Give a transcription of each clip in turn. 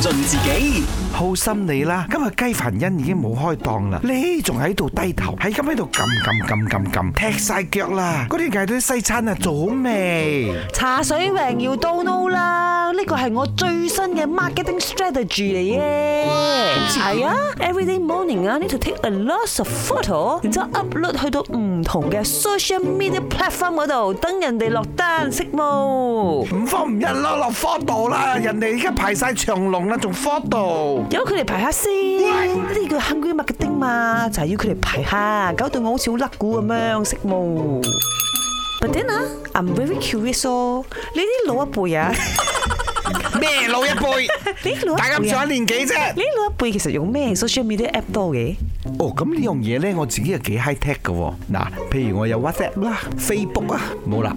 盡自己好心你啦，今日雞粉因已經冇開檔啦，你仲喺度低頭喺咁喺度撳撳撳撳撳，踢晒腳啦！嗰啲係都西餐啊，做好味茶水榮要都 know 啦，呢個係我最新嘅 marketing strategy 嚟嘅，係啊，everyday morning 啊，呢度 take a lot of photo，然之後 upload 去到唔同嘅 social media platform 嗰度，等人哋落單識冇？唔方唔一咯，落荒度啦，人哋依家已經排晒長龍。仲荒度，有佢哋排下先。呢啲叫 hungry marketing 嘛，就係要佢哋排下，搞到我好似好甩古咁樣，食毛。But then I'm very curious 哦，你呢啲老一輩啊，咩老一輩？啲老一輩，大家唔上年紀啫。你呢老一輩其實用咩 social media app 多嘅？哦，咁呢樣嘢咧，我自己係幾 high tech 嘅。嗱，譬如我有 WhatsApp 啦、Facebook 啊，冇啦。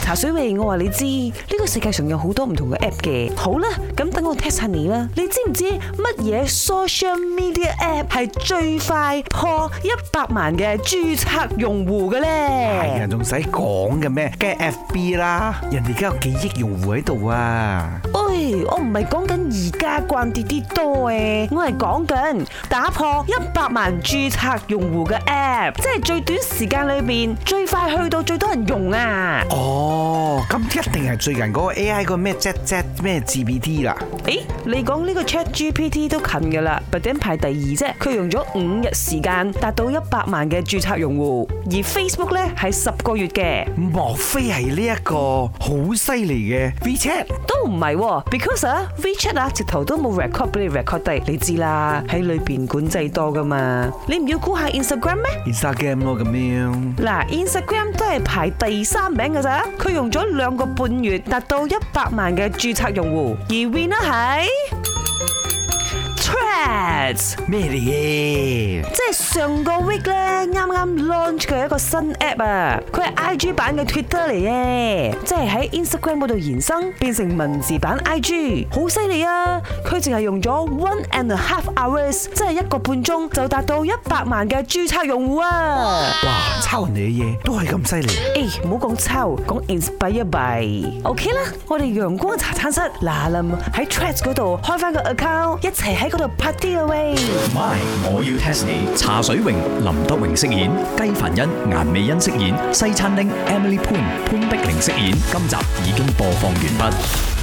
茶水味，我話你知，呢、這個世界上有好多唔同嘅 app 嘅。好啦，咁等我 test 晒你啦。你知唔知乜嘢 social media app 係最快破一百萬嘅註冊用戶嘅咧？係人仲使講嘅咩？梗係 FB 啦，人哋 get 幾億用戶喺度啊。我唔係講緊而家慣啲啲多嘅，我係講緊打破一百萬註冊用戶嘅 App，即係最短時間裏邊最快去到最多人用啊！哦。咁一定係最近嗰個 A I 個咩 Chat Chat 咩 G P T 啦？誒，你講呢個 Chat G P T 都近噶啦，But 佢排第二啫。佢用咗五日時間達到一百萬嘅註冊用戶，而 Facebook 咧係十個月嘅。莫非係呢一個好犀利嘅 WeChat？都唔係，because 啊，WeChat 啊，直頭都冇 record 俾你 record 低，你知啦，喺裏邊管制多噶嘛。你唔要估下 Instagram 咩？Instagram 咯，個喵。嗱，Instagram 都係排第三名噶咋，佢用咗。兩個半月達到一百萬嘅註冊用戶，而 Win 呢係。咩嚟嘅？即係上個 week 咧，啱啱 launch 嘅一個新 app 啊！佢係 IG 版嘅 Twitter 嚟嘅，即係喺 Instagram 嗰度延伸，變成文字版 IG，好犀利啊！佢淨係用咗 one and a half hours，即係一個半鐘就達到一百萬嘅注冊用戶啊！哇！抄你嘢都係咁犀利！誒、欸，唔好講抄，講 inspired by。OK 啦，我哋陽光茶餐室嗱林喺 Threads 嗰度開翻個 account，一齊喺嗰度拍啲。喂，My，我要 test 你。茶水榮、林德榮飾演，雞凡欣、顏美欣飾演，西餐廳 Emily Poon 潘潘碧玲飾演。今集已經播放完畢。